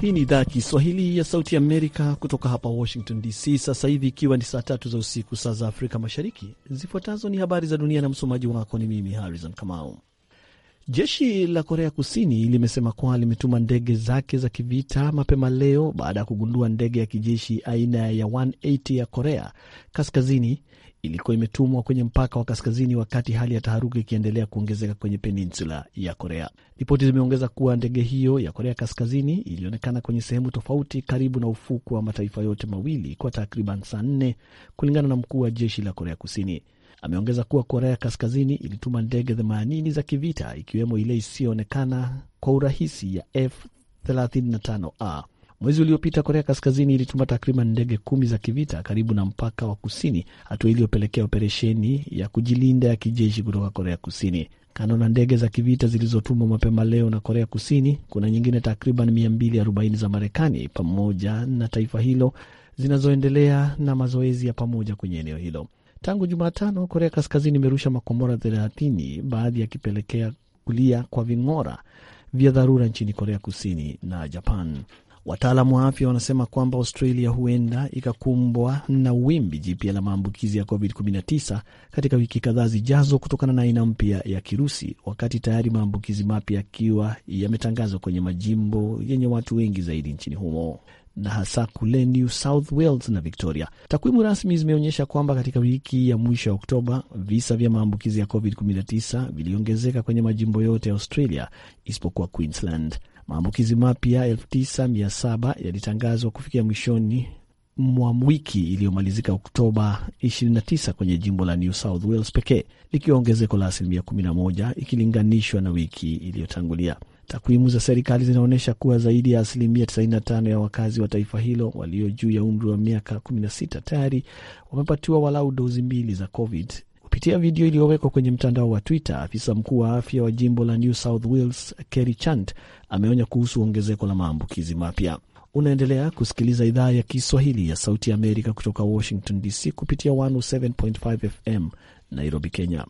Hii ni idhaa ya Kiswahili ya Sauti Amerika kutoka hapa Washington DC, sasa hivi ikiwa ni saa tatu za usiku, saa za Afrika Mashariki. Zifuatazo ni habari za dunia na msomaji wako ni mimi Harrison Kamau. Jeshi la Korea Kusini limesema kuwa limetuma ndege zake za kivita mapema leo baada ya kugundua ndege ya kijeshi aina ya 180 ya Korea Kaskazini ilikuwa imetumwa kwenye mpaka wa kaskazini, wakati hali ya taharuki ikiendelea kuongezeka kwenye peninsula ya Korea. Ripoti zimeongeza kuwa ndege hiyo ya Korea Kaskazini ilionekana kwenye sehemu tofauti karibu na ufuku wa mataifa yote mawili kwa takriban saa nne, kulingana na mkuu wa jeshi la Korea Kusini. Ameongeza kuwa Korea Kaskazini ilituma ndege 80 za kivita ikiwemo ile isiyoonekana kwa urahisi ya F35A Mwezi uliopita Korea Kaskazini ilituma takriban ndege kumi za kivita karibu na mpaka wa kusini, hatua iliyopelekea operesheni ya kujilinda ya kijeshi kutoka Korea Kusini. Kando na ndege za kivita zilizotumwa mapema leo na Korea Kusini, kuna nyingine takriban 240 za Marekani pamoja na taifa hilo zinazoendelea na mazoezi ya pamoja kwenye eneo hilo. Tangu Jumatano, Korea Kaskazini imerusha makombora 30, baadhi yakipelekea kulia kwa ving'ora vya dharura nchini Korea Kusini na Japan. Wataalamu wa afya wanasema kwamba Australia huenda ikakumbwa na wimbi jipya la maambukizi ya COVID-19 katika wiki kadhaa zijazo kutokana na aina mpya ya kirusi, wakati tayari maambukizi mapya yakiwa yametangazwa kwenye majimbo yenye watu wengi zaidi nchini humo na hasa kule New South Wales na Victoria. Takwimu rasmi zimeonyesha kwamba katika wiki ya mwisho ya Oktoba, visa vya maambukizi ya COVID-19 viliongezeka kwenye majimbo yote ya Australia isipokuwa Queensland. Maambukizi mapya 9700 yalitangazwa kufikia mwishoni mwa wiki iliyomalizika Oktoba 29 kwenye jimbo la New South Wales pekee, likiwa ongezeko la asilimia 11 ikilinganishwa na wiki iliyotangulia. Takwimu za serikali zinaonyesha kuwa zaidi ya asilimia 95 ya wakazi wa taifa hilo walio juu ya umri wa miaka 16 tayari wamepatiwa walau dozi mbili za COVID Kupitia video iliyowekwa kwenye mtandao wa Twitter, afisa mkuu wa afya wa jimbo la New South Wales Kerry Chant ameonya kuhusu ongezeko la maambukizi mapya. Unaendelea kusikiliza idhaa ya Kiswahili ya Sauti ya Amerika kutoka Washington DC kupitia 107.5 FM Nairobi, Kenya.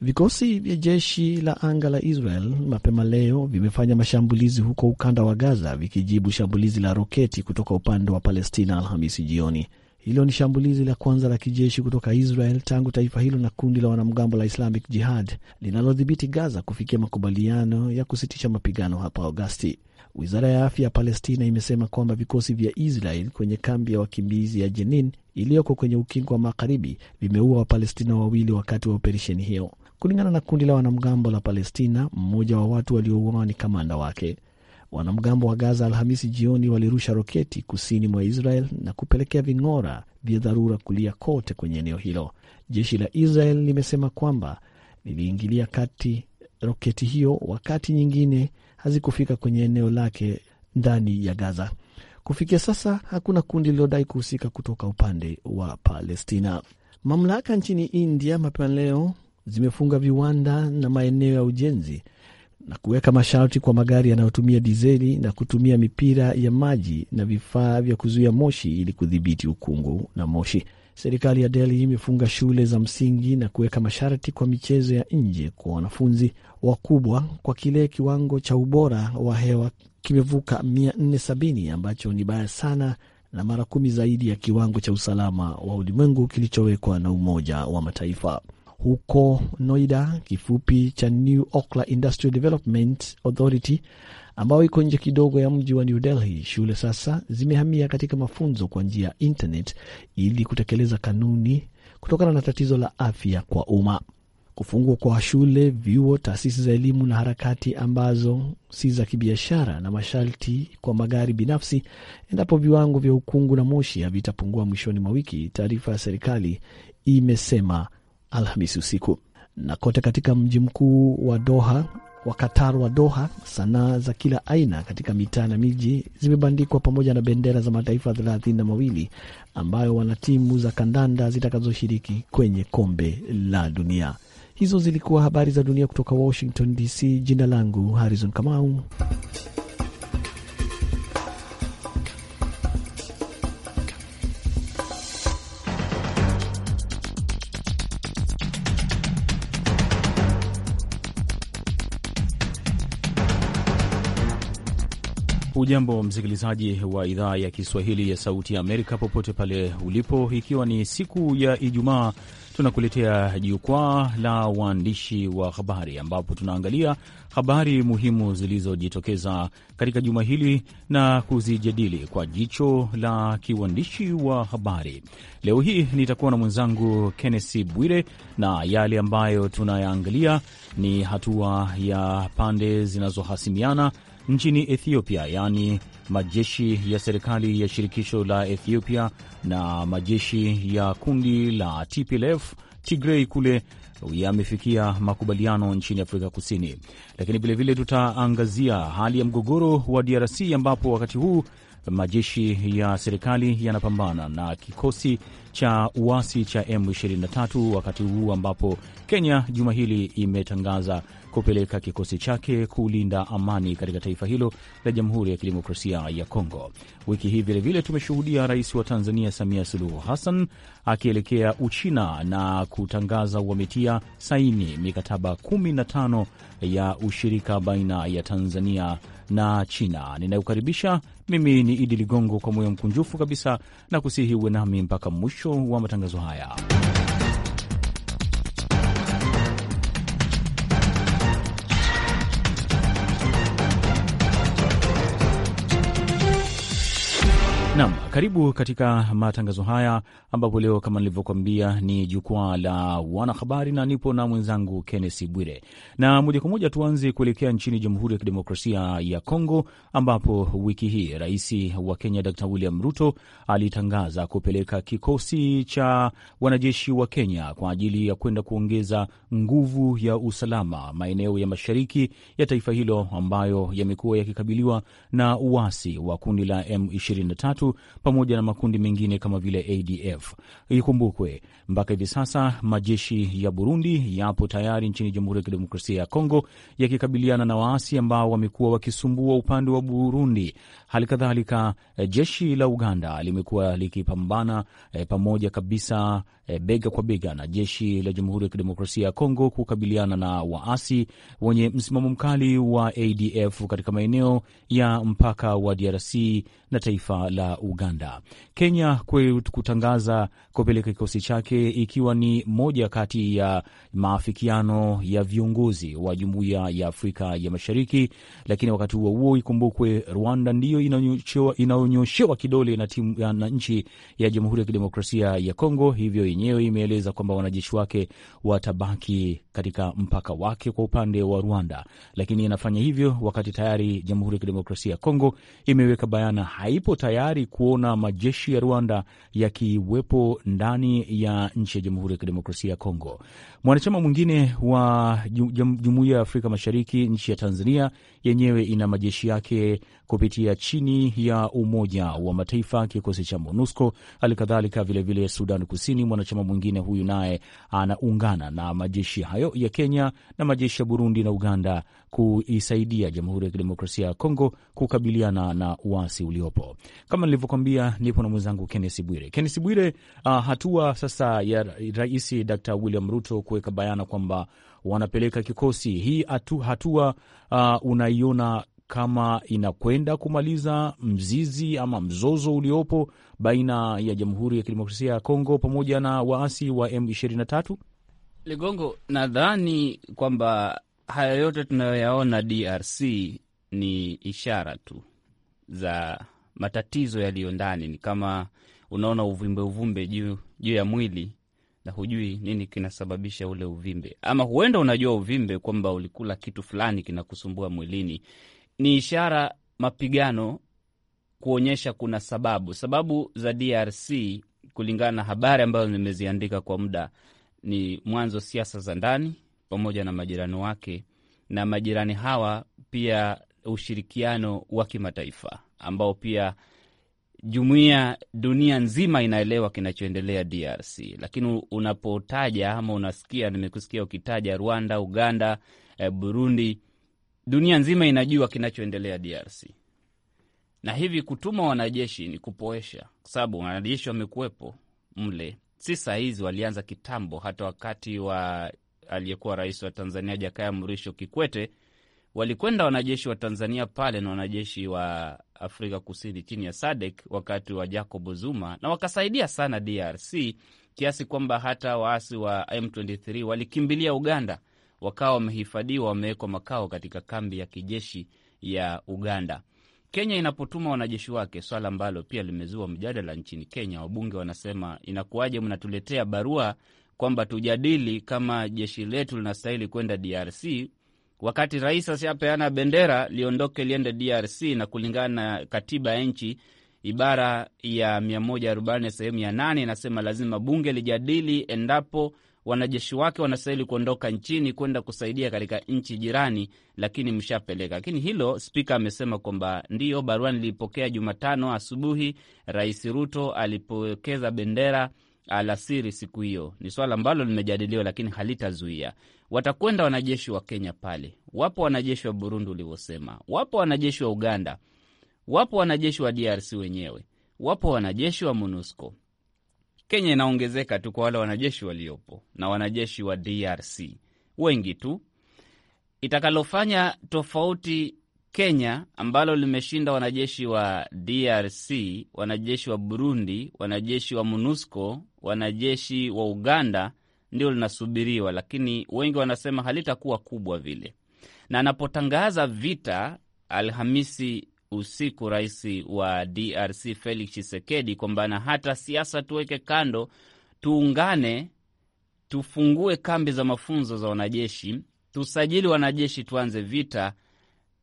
Vikosi vya jeshi la anga la Israel mapema leo vimefanya mashambulizi huko ukanda wa Gaza vikijibu shambulizi la roketi kutoka upande wa Palestina Alhamisi jioni. Hilo ni shambulizi la kwanza la kijeshi kutoka Israel tangu taifa hilo na kundi la wanamgambo la Islamic Jihad linalodhibiti Gaza kufikia makubaliano ya kusitisha mapigano hapo Agosti. Wizara ya afya ya Palestina imesema kwamba vikosi vya Israel kwenye kambi ya wakimbizi ya Jenin iliyoko kwenye ukingo wa magharibi vimeua Wapalestina wawili wakati wa operesheni hiyo. Kulingana na kundi la wanamgambo la Palestina, mmoja wa watu waliouawa ni kamanda wake. Wanamgambo wa Gaza Alhamisi jioni walirusha roketi kusini mwa Israel na kupelekea ving'ora vya dharura kulia kote kwenye eneo hilo. Jeshi la Israel limesema kwamba liliingilia kati roketi hiyo wakati nyingine hazikufika kwenye eneo lake ndani ya Gaza. Kufikia sasa hakuna kundi lililodai kuhusika kutoka upande wa Palestina. Mamlaka nchini India mapema leo zimefunga viwanda na maeneo ya ujenzi na kuweka masharti kwa magari yanayotumia dizeli na kutumia mipira ya maji na vifaa vya kuzuia moshi ili kudhibiti ukungu na moshi. Serikali ya Delhi imefunga shule za msingi na kuweka masharti kwa michezo ya nje kwa wanafunzi wakubwa kwa kile kiwango cha ubora wa hewa kimevuka 470 ambacho ni baya sana na mara kumi zaidi ya kiwango cha usalama wa ulimwengu kilichowekwa na Umoja wa Mataifa huko Noida, kifupi cha New Okla Industrial Development Authority, ambayo iko nje kidogo ya mji wa New Delhi. Shule sasa zimehamia katika mafunzo kwa njia ya internet ili kutekeleza kanuni kutokana na tatizo la afya kwa umma. Kufungwa kwa shule, vyuo, taasisi za elimu na harakati ambazo si za kibiashara na masharti kwa magari binafsi, endapo viwango vya ukungu na moshi havitapungua mwishoni mwa wiki, taarifa ya serikali imesema Alhamisi usiku. Na kote katika mji mkuu wa Doha wa Qatar wa Doha, sanaa za kila aina katika mitaa na miji zimebandikwa pamoja na bendera za mataifa thelathini na mawili ambayo wana timu za kandanda zitakazoshiriki kwenye kombe la dunia. Hizo zilikuwa habari za dunia kutoka Washington DC. Jina langu Harrison Kamau. Hujambo msikilizaji wa idhaa ya Kiswahili ya Sauti ya Amerika popote pale ulipo, ikiwa ni siku ya Ijumaa, tunakuletea jukwaa la waandishi wa habari ambapo tunaangalia habari muhimu zilizojitokeza katika juma hili na kuzijadili kwa jicho la kiuandishi wa habari. Leo hii nitakuwa na mwenzangu Kennesi Bwire, na yale ambayo tunayaangalia ni hatua ya pande zinazohasimiana nchini Ethiopia, yaani majeshi ya serikali ya shirikisho la Ethiopia na majeshi ya kundi la TPLF Tigrei kule yamefikia makubaliano nchini Afrika Kusini. Lakini vilevile tutaangazia hali ya mgogoro wa DRC ambapo wakati huu majeshi ya serikali yanapambana na kikosi cha uasi cha M23 wakati huu ambapo Kenya juma hili imetangaza kupeleka kikosi chake kulinda amani katika taifa hilo la Jamhuri ya Kidemokrasia ya Kongo. Wiki hii vilevile tumeshuhudia rais wa Tanzania Samia Suluhu Hassan akielekea Uchina na kutangaza wametia saini mikataba 15 ya ushirika baina ya Tanzania na China. Ninayokaribisha mimi ni Idi Ligongo, kwa moyo mkunjufu kabisa na kusihi uwe nami mpaka mwisho wa matangazo haya. Number. Karibu katika matangazo haya ambapo leo kama nilivyokuambia ni jukwaa la wanahabari na nipo na mwenzangu Kennesi Bwire, na moja kwa moja tuanze kuelekea nchini Jamhuri ya Kidemokrasia ya Kongo ambapo wiki hii rais wa Kenya Dr William Ruto alitangaza kupeleka kikosi cha wanajeshi wa Kenya kwa ajili ya kwenda kuongeza nguvu ya usalama maeneo ya mashariki ya taifa hilo ambayo yamekuwa yakikabiliwa na uasi wa kundi la M23 pamoja na makundi mengine kama vile ADF. Ikumbukwe mpaka hivi sasa majeshi ya Burundi yapo tayari nchini Jamhuri ya Kidemokrasia ya Kongo yakikabiliana na waasi ambao wamekuwa wakisumbua upande wa Burundi. Hali kadhalika eh, jeshi la Uganda limekuwa likipambana e, pamoja kabisa e, bega kwa bega na jeshi la Jamhuri ya Kidemokrasia ya Kongo kukabiliana na waasi wenye msimamo mkali wa ADF katika maeneo ya mpaka wa DRC na taifa la Uganda. Uganda. Kenya kutangaza kupeleka kikosi chake ikiwa ni moja kati ya maafikiano ya viongozi wa Jumuiya ya Afrika ya Mashariki, lakini wakati huo huo ikumbukwe Rwanda ndiyo inaonyoshewa kidole na, timu, na nchi ya Jamhuri ya Kidemokrasia ya Kongo, hivyo yenyewe imeeleza kwamba wanajeshi wake watabaki katika mpaka wake kwa upande wa Rwanda, lakini inafanya hivyo wakati tayari Jamhuri ya Kidemokrasia ya Kongo imeweka bayana haipo tayari kuona kuona majeshi ya Rwanda yakiwepo ndani ya nchi ya Jamhuri ya Kidemokrasia ya Kongo. Mwanachama mwingine wa Jumuiya ya Afrika Mashariki, nchi ya Tanzania yenyewe ina majeshi yake kupitia chini ya Umoja wa Mataifa, kikosi cha MONUSCO. Hali kadhalika vilevile Sudan Kusini, mwanachama mwingine huyu naye anaungana na majeshi hayo ya Kenya na majeshi ya Burundi na Uganda kuisaidia Jamhuri ya Kidemokrasia ya Kongo kukabiliana na uasi uliopo. Kama nilivyokwambia, nipo na mwenzangu Kennes Bwire. Kennes Bwire, uh, hatua sasa ya Rais Dr William Ruto kuweka bayana kwamba wanapeleka kikosi. Hii atu, hatua uh, unaiona kama inakwenda kumaliza mzizi ama mzozo uliopo baina ya Jamhuri ya Kidemokrasia ya Kongo pamoja na waasi wa M23? Ligongo, nadhani kwamba haya yote tunayoyaona DRC ni ishara tu za matatizo yaliyo ndani. Ni kama unaona uvimbe uvimbe juu juu ya mwili na hujui nini kinasababisha ule uvimbe, ama huenda unajua uvimbe kwamba ulikula kitu fulani kinakusumbua mwilini. Ni ishara mapigano kuonyesha kuna sababu. Sababu za DRC kulingana na habari ambazo nimeziandika kwa muda ni mwanzo siasa za ndani pamoja na majirani wake, na majirani hawa pia ushirikiano wa kimataifa ambao pia jumuiya dunia nzima inaelewa kinachoendelea DRC, lakini unapotaja ama unasikia, nimekusikia ukitaja Rwanda, Uganda, eh, Burundi, dunia nzima inajua kinachoendelea DRC. Na hivi kutuma wanajeshi ni kupoesha, kwa sababu wanajeshi wamekuwepo mle, si saa hizi, walianza kitambo, hata wakati wa aliyekuwa rais wa Tanzania Jakaya Mrisho Kikwete walikwenda wanajeshi wa Tanzania pale na wanajeshi wa Afrika Kusini chini ya SADC wakati wa Jacob Zuma, na wakasaidia sana DRC kiasi kwamba hata waasi wa M23 walikimbilia Uganda, wakawa wamehifadhiwa, wamewekwa makao katika kambi ya kijeshi ya Uganda. Kenya inapotuma wanajeshi wake, swala ambalo pia limezua mjadala nchini Kenya. Wabunge wanasema inakuwaje, mnatuletea barua kwamba tujadili kama jeshi letu linastahili kwenda DRC wakati rais asiapeana bendera liondoke liende DRC, na kulingana na katiba ya nchi ibara ya 140 sehemu ya 8 inasema lazima bunge lijadili endapo wanajeshi wake wanastahili kuondoka nchini kwenda kusaidia katika nchi jirani, lakini mshapeleka. Lakini hilo spika amesema kwamba ndiyo, barua nilipokea Jumatano asubuhi, Rais Ruto alipokeza bendera alasiri siku hiyo. Ni swala ambalo limejadiliwa, lakini halitazuia. Watakwenda wanajeshi wa Kenya pale, wapo wanajeshi wa Burundi ulivyosema, wapo wanajeshi wa Uganda, wapo wanajeshi wa DRC wenyewe, wapo wanajeshi wa MONUSCO. Kenya inaongezeka tu kwa wale wanajeshi waliopo na wanajeshi wa DRC wengi tu. Itakalofanya tofauti Kenya ambalo limeshinda wanajeshi wa DRC, wanajeshi wa Burundi, wanajeshi wa MONUSCO, wanajeshi wa Uganda ndio linasubiriwa, lakini wengi wanasema halitakuwa kubwa vile. Na anapotangaza vita Alhamisi usiku, rais wa DRC Felix Tshisekedi kwamba na hata siasa tuweke kando, tuungane, tufungue kambi za mafunzo za wanajeshi, tusajili wanajeshi, tuanze vita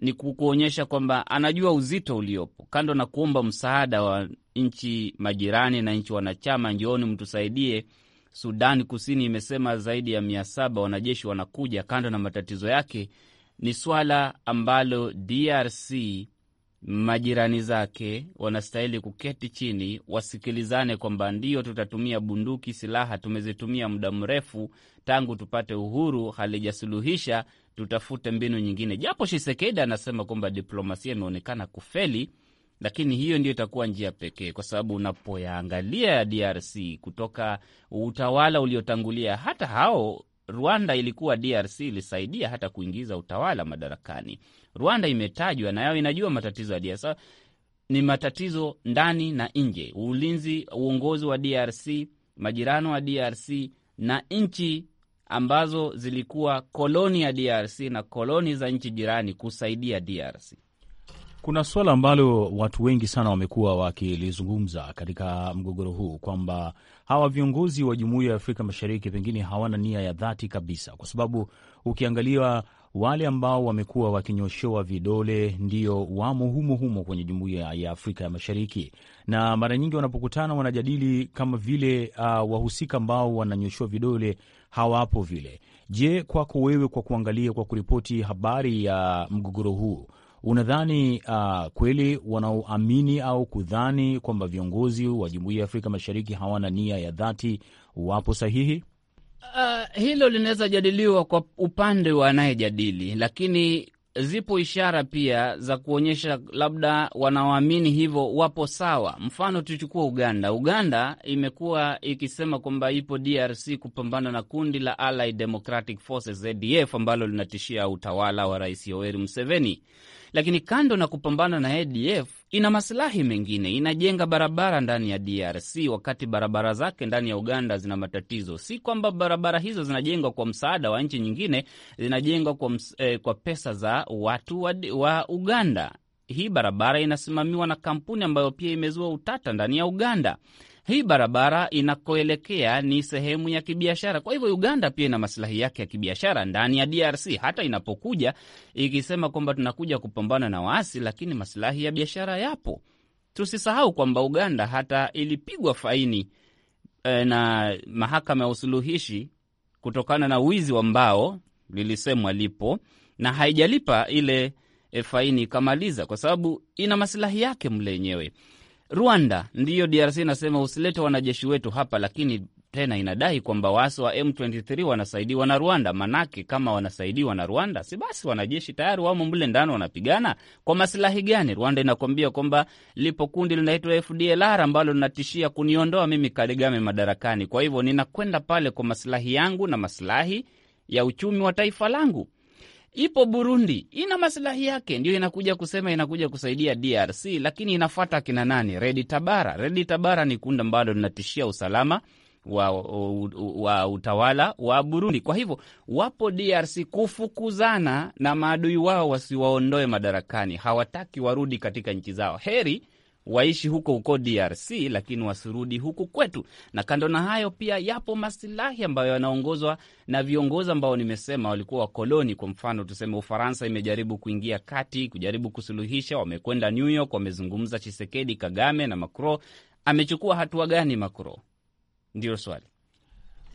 ni kukuonyesha kwamba anajua uzito uliopo. Kando na kuomba msaada wa nchi majirani na nchi wanachama, njooni mtusaidie, Sudani Kusini imesema zaidi ya mia saba wanajeshi wanakuja. Kando na matatizo yake, ni swala ambalo DRC majirani zake wanastahili kuketi chini, wasikilizane kwamba ndiyo, tutatumia bunduki, silaha tumezitumia muda mrefu tangu tupate uhuru, halijasuluhisha, tutafute mbinu nyingine. Japo Shisekedi anasema kwamba diplomasia imeonekana kufeli, lakini hiyo ndio itakuwa njia pekee, kwa sababu unapoyaangalia DRC kutoka utawala uliotangulia, hata hao Rwanda ilikuwa DRC ilisaidia hata kuingiza utawala madarakani. Rwanda imetajwa na yao, inajua matatizo ya DRC ni matatizo ndani na nje, ulinzi, uongozi wa DRC, majirano wa DRC na nchi ambazo zilikuwa koloni ya DRC na koloni za nchi jirani kusaidia DRC. Kuna suala ambalo watu wengi sana wamekuwa wakilizungumza katika mgogoro huu kwamba hawa viongozi wa Jumuiya ya Afrika Mashariki pengine hawana nia ya dhati kabisa, kwa sababu ukiangalia wale ambao wamekuwa wakinyoshewa vidole ndio wamo humo humo kwenye Jumuiya ya Afrika ya Mashariki, na mara nyingi wanapokutana wanajadili kama vile uh, wahusika ambao wananyoshewa vidole hawapo vile. Je, kwako wewe, kwa kuangalia, kwa kuripoti habari ya mgogoro huu unadhani uh, kweli wanaoamini au kudhani kwamba viongozi wa Jumuiya ya Afrika Mashariki hawana nia ya dhati wapo sahihi? Uh, hilo linaweza jadiliwa kwa upande wa anayejadili, lakini zipo ishara pia za kuonyesha labda wanaoamini hivyo wapo sawa. Mfano, tuchukua Uganda. Uganda imekuwa ikisema kwamba ipo DRC kupambana na kundi la Allied Democratic Forces ADF ambalo linatishia utawala wa Rais Yoweri Museveni. Lakini kando na kupambana na ADF, ina masilahi mengine. Inajenga barabara ndani ya DRC wakati barabara zake ndani ya Uganda zina matatizo. Si kwamba barabara hizo zinajengwa kwa msaada wa nchi nyingine, zinajengwa kwa, eh, kwa pesa za watu wa, wa Uganda. Hii barabara inasimamiwa na kampuni ambayo pia imezua utata ndani ya Uganda hii barabara inakoelekea ni sehemu ya kibiashara. Kwa hivyo Uganda pia ina masilahi yake ya kibiashara ndani ya DRC, hata inapokuja ikisema kwamba tunakuja kupambana na waasi, lakini masilahi ya biashara yapo. Tusisahau kwamba Uganda hata ilipigwa faini e, na mahakama ya usuluhishi kutokana na wizi wa mbao lilisemwa lipo na haijalipa ile e, faini ikamaliza, kwa sababu ina masilahi yake mle yenyewe. Rwanda ndiyo DRC inasema usilete wanajeshi wetu hapa, lakini tena inadai kwamba waasi wa M23 wanasaidiwa na Rwanda. Manake kama wanasaidiwa na Rwanda, si basi wanajeshi tayari wamo mle ndani wanapigana kwa masilahi gani? Rwanda inakwambia kwamba lipo kundi linaitwa FDLR ambalo linatishia kuniondoa mimi Kagame madarakani, kwa hivyo ninakwenda pale kwa masilahi yangu na masilahi ya uchumi wa taifa langu ipo Burundi, ina masilahi yake, ndio inakuja kusema inakuja kusaidia DRC, lakini inafuata akina nani? Redi Tabara. Redi Tabara ni kundi ambalo linatishia usalama wa, wa, wa utawala wa Burundi. Kwa hivyo wapo DRC kufukuzana na maadui wao wasiwaondoe madarakani, hawataki warudi katika nchi zao, heri waishi huko huko DRC lakini wasirudi huku kwetu. Na kando na hayo, pia yapo masilahi ambayo yanaongozwa na viongozi ambao nimesema walikuwa wakoloni. Kwa mfano, tuseme Ufaransa imejaribu kuingia kati, kujaribu kusuluhisha. Wamekwenda New York, wamezungumza Chisekedi, Kagame na Macron. Amechukua hatua gani Macron? ndio swali.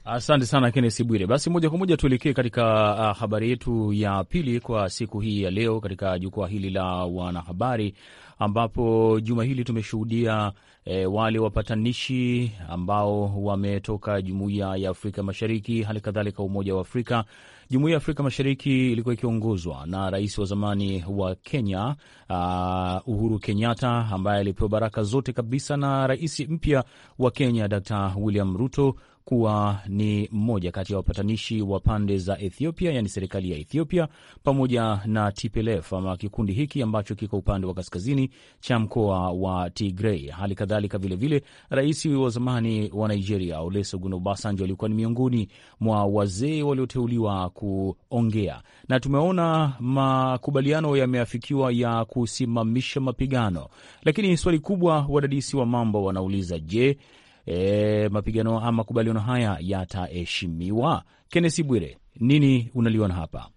Asante sana kennesi Bwire. Basi moja kwa moja tuelekee katika uh, habari yetu ya pili kwa siku hii ya leo katika jukwaa hili la wanahabari, ambapo juma hili tumeshuhudia e, wale wapatanishi ambao wametoka Jumuiya ya Afrika Mashariki, hali kadhalika Umoja wa Afrika. Jumuiya ya Afrika Mashariki ilikuwa ikiongozwa na rais wa zamani wa Kenya uh, Uhuru Kenyatta ambaye alipewa baraka zote kabisa na rais mpya wa Kenya Dr. William Ruto kuwa ni mmoja kati ya wapatanishi wa pande za Ethiopia, yani serikali ya Ethiopia pamoja na TPLF ama kikundi hiki ambacho kiko upande wa kaskazini cha mkoa wa tigrei Hali kadhalika vilevile, rais wa zamani wa Nigeria Olusegun Obasanjo alikuwa ni miongoni mwa wazee walioteuliwa kuongea, na tumeona makubaliano yameafikiwa ya kusimamisha mapigano, lakini swali kubwa wadadisi wa mambo wanauliza, je, e, mapigano ama makubaliano haya yataheshimiwa? Kennesi Bwire, nini unaliona hapa?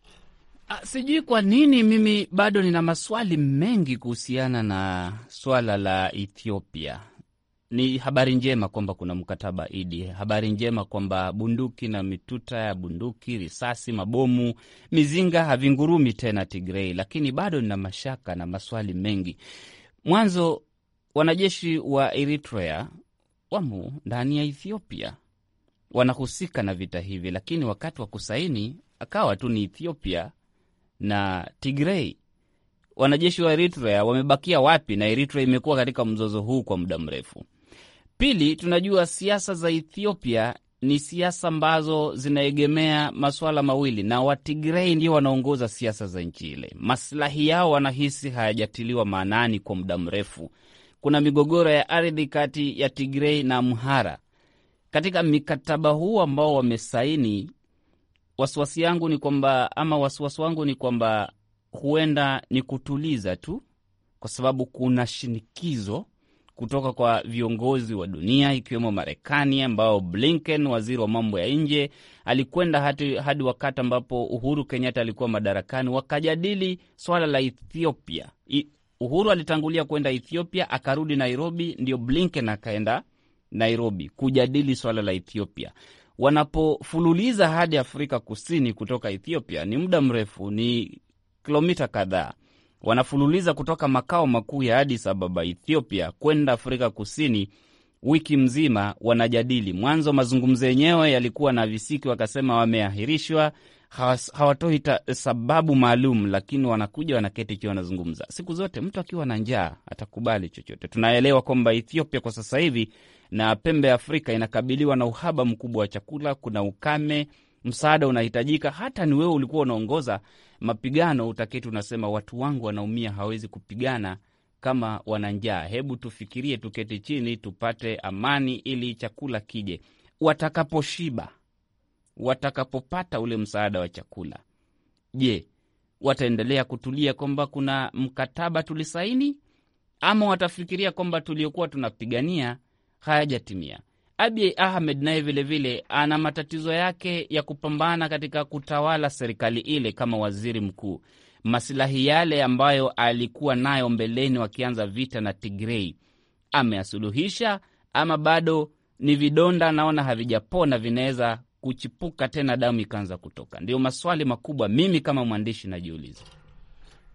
A, ah, sijui kwa nini mimi bado nina maswali mengi kuhusiana na swala la Ethiopia. Ni habari njema kwamba kuna mkataba Idi, habari njema kwamba bunduki na mituta ya bunduki, risasi, mabomu, mizinga havingurumi tena Tigrei, lakini bado nina mashaka na maswali mengi. Mwanzo, wanajeshi wa Eritrea Wamu ndani ya Ethiopia wanahusika na vita hivi, lakini wakati wa kusaini akawa tu ni Ethiopia na Tigrei. Wanajeshi wa Eritrea wamebakia wapi? Na Eritrea imekuwa katika mzozo huu kwa muda mrefu. Pili, tunajua siasa za Ethiopia ni siasa ambazo zinaegemea masuala mawili, na Watigrei ndio wanaongoza siasa za nchi ile. Maslahi yao wanahisi hayajatiliwa maanani kwa muda mrefu, kuna migogoro ya ardhi kati ya Tigrei na Amhara. Katika mikataba huu ambao wamesaini, wasiwasi yangu ni kwamba ama wasiwasi wangu ni kwamba huenda ni kutuliza tu, kwa sababu kuna shinikizo kutoka kwa viongozi wa dunia ikiwemo Marekani, ambao Blinken, waziri wa mambo ya nje, alikwenda hadi, hadi wakati ambapo Uhuru Kenyatta alikuwa madarakani, wakajadili swala la Ethiopia Uhuru alitangulia kwenda Ethiopia, akarudi Nairobi, ndio Blinken akaenda Nairobi kujadili swala la Ethiopia. Wanapofululiza hadi Afrika Kusini kutoka Ethiopia ni muda mrefu, ni kilomita kadhaa. Wanafululiza kutoka makao makuu ya Addis Ababa, Ethiopia, kwenda Afrika Kusini, wiki mzima wanajadili. Mwanzo mazungumzo yenyewe yalikuwa na visiki, wakasema wameahirishwa hawatoi sababu maalum, lakini wanakuja wanaketi ikiwa wanazungumza. Siku zote mtu akiwa na njaa atakubali chochote. Tunaelewa kwamba Ethiopia kwa sasa hivi na pembe ya Afrika inakabiliwa na uhaba mkubwa wa chakula, kuna ukame msaada unahitajika. Hata ni wewe ulikuwa unaongoza mapigano, utaketi unasema watu wangu wanaumia, hawawezi kupigana kama wana njaa. Hebu tufikirie, tuketi chini, tupate amani ili chakula kije. Watakaposhiba watakapopata ule msaada wa chakula. Je, wataendelea kutulia kwamba kuna mkataba tulisaini, ama watafikiria kwamba tuliokuwa tunapigania hayajatimia? Abiy Ahmed naye vilevile ana matatizo yake ya kupambana katika kutawala serikali ile kama waziri mkuu. Masilahi yale ambayo alikuwa nayo mbeleni, wakianza vita na Tigrei, ameyasuluhisha ama bado ni vidonda, naona havijapona, vinaweza kuchipuka tena, damu ikaanza kutoka? Ndio maswali makubwa mimi kama mwandishi najiuliza.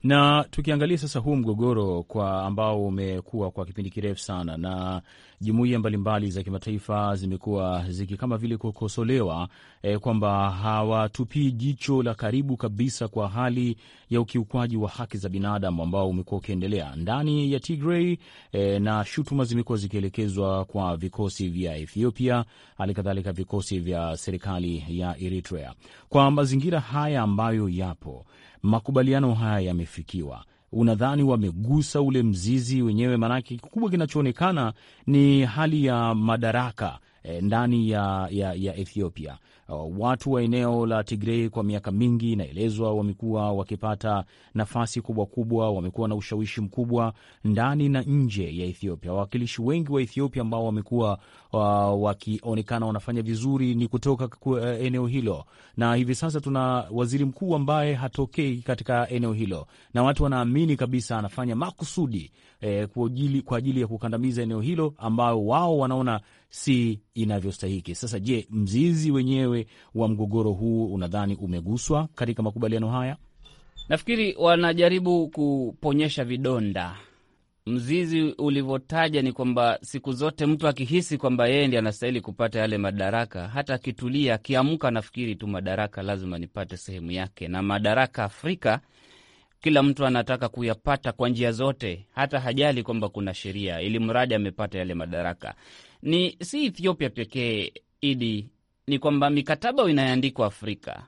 Na tukiangalia sasa huu mgogoro kwa ambao umekuwa kwa kipindi kirefu sana, na jumuiya mbalimbali za kimataifa zimekuwa ziki kama vile kukosolewa e, kwamba hawatupii jicho la karibu kabisa kwa hali ya ukiukwaji wa haki za binadamu ambao umekuwa ukiendelea ndani ya Tigray e, na shutuma zimekuwa zikielekezwa kwa vikosi vya Ethiopia, hali kadhalika vikosi vya serikali ya Eritrea. Kwa mazingira haya ambayo yapo makubaliano haya yamefikiwa? Unadhani wamegusa ule mzizi wenyewe? Maanake kikubwa kinachoonekana ni hali ya madaraka e, ndani ya, ya, ya Ethiopia Uh, watu wa eneo la Tigrei kwa miaka mingi inaelezwa wamekuwa wakipata nafasi kubwa kubwa, wamekuwa na ushawishi mkubwa ndani na nje ya Ethiopia. Wawakilishi wengi wa Ethiopia ambao wamekuwa uh, wakionekana wanafanya vizuri ni kutoka uh, eneo hilo, na hivi sasa tuna waziri mkuu ambaye hatokei katika eneo hilo, na watu wanaamini kabisa anafanya makusudi eh, kwa ajili ya kukandamiza eneo hilo ambao wao wanaona si inavyostahiki. Sasa je, mzizi wenyewe wenyewe wa mgogoro huu unadhani umeguswa katika makubaliano haya? Nafikiri wanajaribu kuponyesha vidonda. Mzizi ulivyotaja ni kwamba siku zote mtu akihisi kwamba yeye ndiye anastahili kupata yale madaraka, hata akitulia, akiamka, nafikiri tu madaraka lazima nipate sehemu yake. Na madaraka Afrika kila mtu anataka kuyapata kwa njia zote, hata hajali kwamba kuna sheria, ili mradi amepata yale madaraka. Ni si Ethiopia pekee idi ni kwamba mikataba inayoandikwa Afrika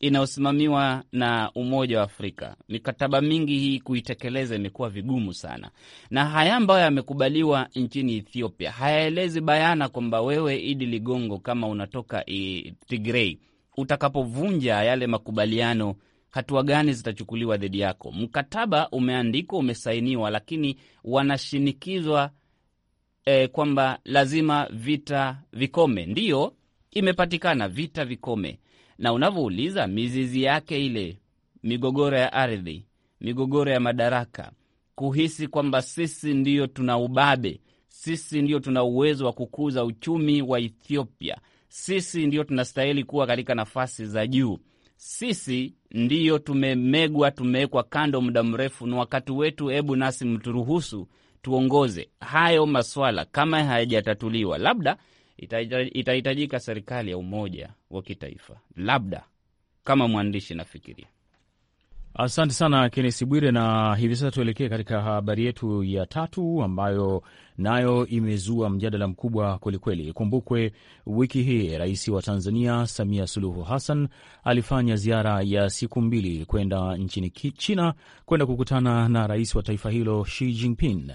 inayosimamiwa na Umoja wa Afrika, mikataba mingi hii kuitekeleza imekuwa vigumu sana, na haya ambayo yamekubaliwa nchini Ethiopia hayaelezi bayana kwamba wewe Idi Ligongo, kama unatoka eh, Tigrei, utakapovunja yale makubaliano, hatua gani zitachukuliwa dhidi yako? Mkataba umeandikwa, umesainiwa, lakini wanashinikizwa eh, kwamba lazima vita vikome. Ndiyo imepatikana, vita vikome. Na unavyouliza mizizi yake ile migogoro ya ardhi, migogoro ya madaraka, kuhisi kwamba sisi ndiyo tuna ubabe, sisi ndiyo tuna uwezo wa kukuza uchumi wa Ethiopia, sisi ndiyo tunastahili kuwa katika nafasi za juu, sisi ndiyo tumemegwa, tumewekwa kando muda mrefu, na wakati wetu, hebu nasi mturuhusu tuongoze. Hayo maswala kama hayajatatuliwa, labda itahitajika serikali ya umoja wa kitaifa, labda kama mwandishi nafikiria. Asante sana kennesi Bwire, na hivi sasa tuelekee katika habari yetu ya tatu ambayo nayo imezua mjadala mkubwa kwelikweli. Kumbukwe wiki hii rais wa Tanzania Samia Suluhu Hassan alifanya ziara ya siku mbili kwenda nchini China kwenda kukutana na rais wa taifa hilo Xi Jinping.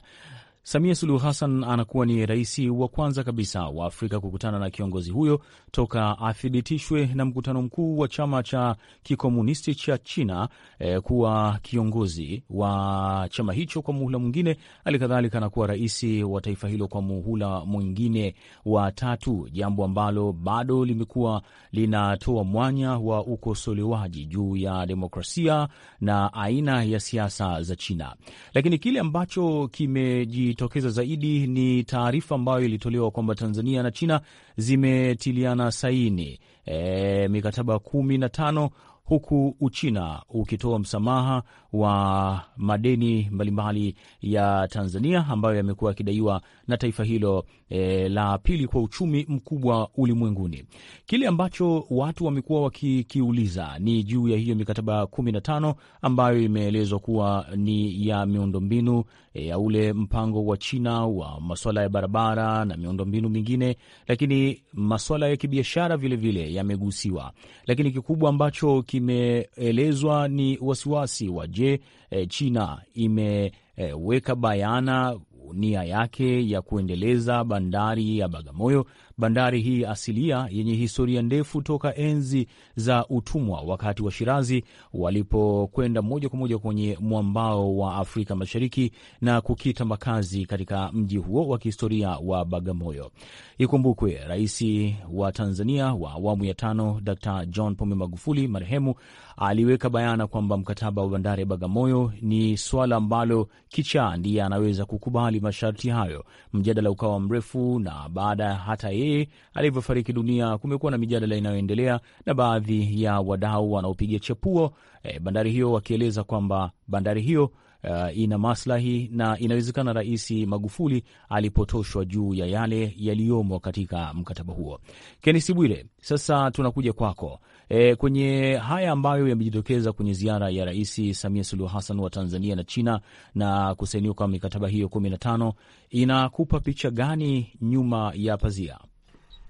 Samia Suluhu Hassan anakuwa ni rais wa kwanza kabisa wa Afrika kukutana na kiongozi huyo toka athibitishwe na mkutano mkuu wa chama cha kikomunisti cha China e, kuwa kiongozi wa chama hicho kwa muhula mwingine. Hali kadhalika anakuwa rais wa taifa hilo kwa muhula mwingine wa tatu, jambo ambalo bado limekuwa linatoa mwanya wa ukosolewaji juu ya demokrasia na aina ya siasa za China, lakini kile ambacho kimeji imejitokeza zaidi ni taarifa ambayo ilitolewa kwamba Tanzania na China zimetiliana saini e, mikataba kumi na tano huku Uchina ukitoa msamaha wa madeni mbalimbali ya Tanzania ambayo yamekuwa yakidaiwa na taifa hilo e, la pili kwa uchumi mkubwa ulimwenguni. Kile ambacho watu wamekuwa wakikiuliza ni juu ya hiyo mikataba kumi na tano ambayo imeelezwa kuwa ni ya miundombinu eh, ya e, ule mpango wa China wa masuala ya barabara na miundombinu mingine, lakini masuala ya kibiashara vilevile yamegusiwa, lakini kikubwa ambacho ki imeelezwa ni wasiwasi wa je, e, China imeweka e, bayana nia yake ya kuendeleza bandari ya Bagamoyo Bandari hii asilia yenye historia ndefu toka enzi za utumwa, wakati wa Shirazi walipokwenda moja kwa moja kwenye mwambao wa Afrika Mashariki na kukita makazi katika mji huo wa kihistoria wa Bagamoyo. Ikumbukwe rais wa Tanzania wa awamu ya tano d John Pombe Magufuli marehemu aliweka bayana kwamba mkataba wa bandari ya Bagamoyo ni swala ambalo kichaa ndiye anaweza kukubali masharti hayo. Mjadala ukawa mrefu, na baada ya hata yeye alivyofariki dunia kumekuwa na mijadala inayoendelea na baadhi ya wadau wanaopiga chapuo e, bandari hiyo wakieleza kwamba bandari hiyo Uh, ina maslahi na inawezekana Rais Magufuli alipotoshwa juu ya yale yaliyomo katika mkataba huo. kenisi Bwire, sasa tunakuja kwako. E, kwenye haya ambayo yamejitokeza kwenye ziara ya Rais Samia Suluhu Hassan wa Tanzania na China na kusainiwa kwa mikataba hiyo kumi na tano inakupa picha gani nyuma ya pazia?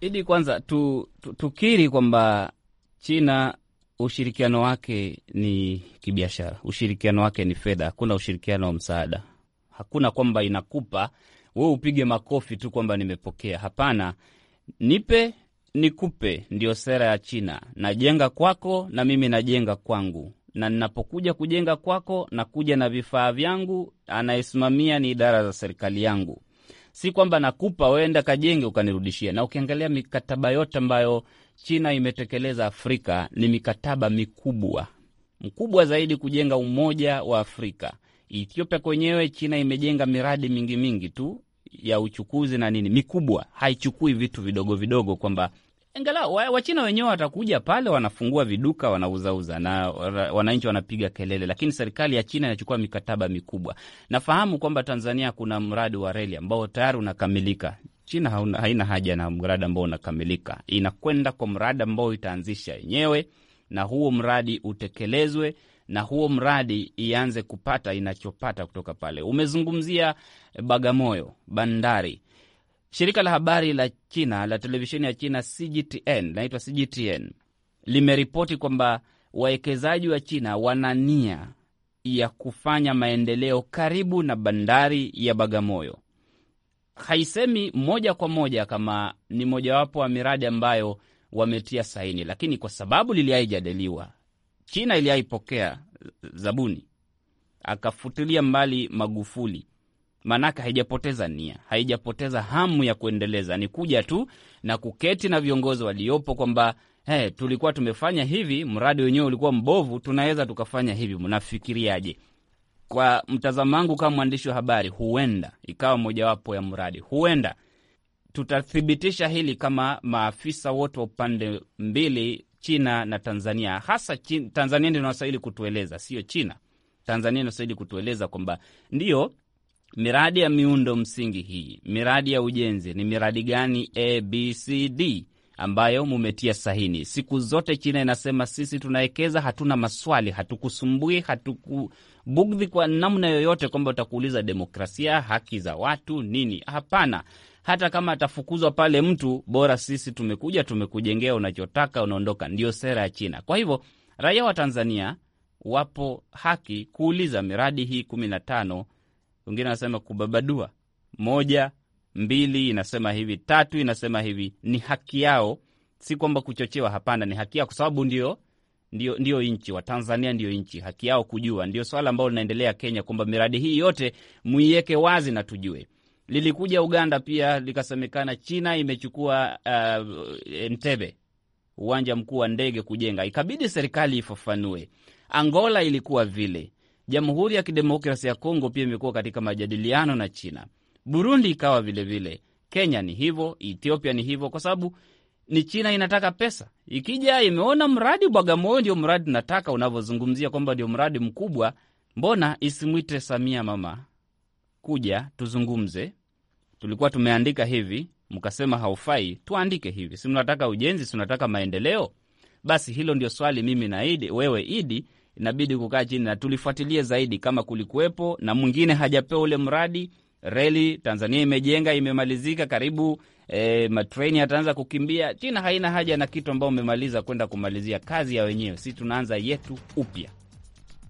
Idi, kwanza tu, tu, tukiri kwamba China ushirikiano wake ni kibiashara, ushirikiano wake ni fedha, hakuna ushirikiano wa msaada. Hakuna kwamba inakupa we upige makofi tu kwamba nimepokea. Hapana, nipe nikupe, ndiyo sera ya China. Najenga kwako na mimi najenga kwangu, na ninapokuja kujenga kwako nakuja na vifaa vyangu. Anayesimamia ni idara za serikali yangu, si kwamba nakupa wenda kajenge ukanirudishia. Na ukiangalia mikataba yote ambayo China imetekeleza Afrika ni mikataba mikubwa mkubwa zaidi kujenga umoja wa Afrika. Ethiopia kwenyewe China imejenga miradi mingi mingi tu ya uchukuzi na nini mikubwa haichukui vitu vidogo vidogo, kwamba angalau Wachina wenyewe watakuja pale, wanafungua viduka, wanauzauza na wananchi wanapiga kelele, lakini serikali ya China inachukua mikataba mikubwa. Nafahamu kwamba Tanzania kuna mradi wa reli ambao tayari unakamilika. China hauna, haina haja na mradi ambao unakamilika, inakwenda kwa mradi ambao itaanzisha yenyewe, na huo mradi utekelezwe na huo mradi ianze kupata inachopata kutoka pale. Umezungumzia Bagamoyo, bandari. Shirika la habari la China la televisheni ya China CGTN, linaitwa CGTN, limeripoti kwamba wawekezaji wa China wana nia ya kufanya maendeleo karibu na bandari ya Bagamoyo. Haisemi moja kwa moja kama ni mojawapo wa miradi ambayo wametia saini, lakini kwa sababu lilihaijadiliwa China iliyaipokea zabuni, akafutilia mbali Magufuli, maanake haijapoteza nia, haijapoteza hamu ya kuendeleza. Ni kuja tu na kuketi na viongozi waliopo kwamba hey, tulikuwa tumefanya hivi, mradi wenyewe ulikuwa mbovu, tunaweza tukafanya hivi. Mnafikiriaje? Kwa mtazamo wangu kama mwandishi wa habari, huenda ikawa mojawapo ya mradi, huenda tutathibitisha hili kama maafisa wote wa upande mbili China na Tanzania, hasa China, Tanzania ndio inastahili kutueleza, sio China. Tanzania inastahili kutueleza kwamba ndio miradi ya miundo msingi hii, miradi ya ujenzi ni miradi gani abcd ambayo mumetia sahini. Siku zote China inasema sisi tunawekeza, hatuna maswali, hatukusumbui, hatukubugdhi kwa namna yoyote, kwamba utakuuliza demokrasia, haki za watu, nini. Hapana, hata kama atafukuzwa pale mtu, bora sisi tumekuja, tumekujengea unachotaka, unaondoka. ndio sera ya China. Kwa hivyo raia wa Tanzania wapo haki kuuliza miradi hii kumi na tano, wengine wanasema kubabadua, moja mbili inasema hivi, tatu inasema hivi. Ni haki yao, si kwamba kuchochewa, hapana, ni haki yao kwa sababu ndio ndio, ndio nchi wa Tanzania, ndio nchi, haki yao kujua. Ndio swala ambalo linaendelea Kenya, kwamba miradi hii yote muiweke wazi na tujue lilikuja Uganda pia likasemekana China imechukua uh, Ntebe, uwanja mkuu wa ndege kujenga, ikabidi serikali ifafanue. Angola ilikuwa vile. Jamhuri ya Kidemokrasi ya Kongo pia imekuwa katika majadiliano na China. Burundi ikawa vilevile vile. Kenya ni hivyo, Ethiopia ni hivyo, kwa sababu ni China inataka pesa. Ikija imeona mradi Bagamoyo ndio mradi nataka, unavyozungumzia kwamba ndio mradi mkubwa, mbona isimwite Samia mama, kuja tuzungumze tulikuwa tumeandika hivi, mkasema haufai, tuandike hivi. Si mnataka ujenzi, si mnataka maendeleo? Basi hilo ndio swali mimi na Idi, wewe Idi, inabidi kukaa chini na tulifuatilie zaidi kama kulikuwepo na mwingine hajapewa ule mradi. Reli Tanzania imejenga imemalizika, karibu e, matreni yataanza kukimbia. China haina haja na kitu ambao umemaliza kwenda kumalizia kazi ya wenyewe, si tunaanza yetu upya.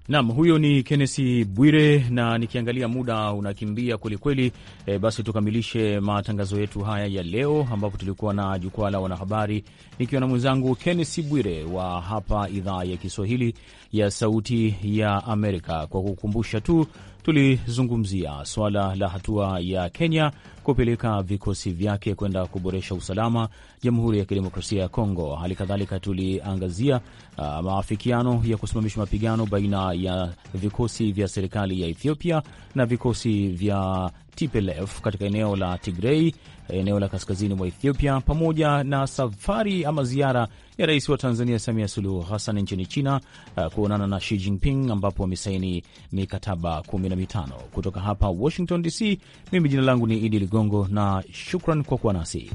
Nam, huyo ni Kennesi Bwire, na nikiangalia muda unakimbia kwelikweli. E, eh, basi tukamilishe matangazo yetu haya ya leo, ambapo tulikuwa na jukwaa la wanahabari nikiwa na mwenzangu Kennesi Bwire wa hapa idhaa ya Kiswahili ya Sauti ya Amerika, kwa kukumbusha tu tulizungumzia suala la hatua ya Kenya kupeleka vikosi vyake kwenda kuboresha usalama Jamhuri ya Kidemokrasia ya Kongo. Hali kadhalika tuliangazia uh, maafikiano ya kusimamisha mapigano baina ya vikosi vya serikali ya Ethiopia na vikosi vya TPLF katika eneo la Tigrei eneo la kaskazini mwa Ethiopia, pamoja na safari ama ziara ya rais wa Tanzania Samia Suluhu Hassan nchini China uh, kuonana na Xi Jinping ambapo wamesaini mikataba kumi na mitano. Kutoka hapa Washington DC, mimi jina langu ni Idi Ligongo na shukran kwa kuwa nasi.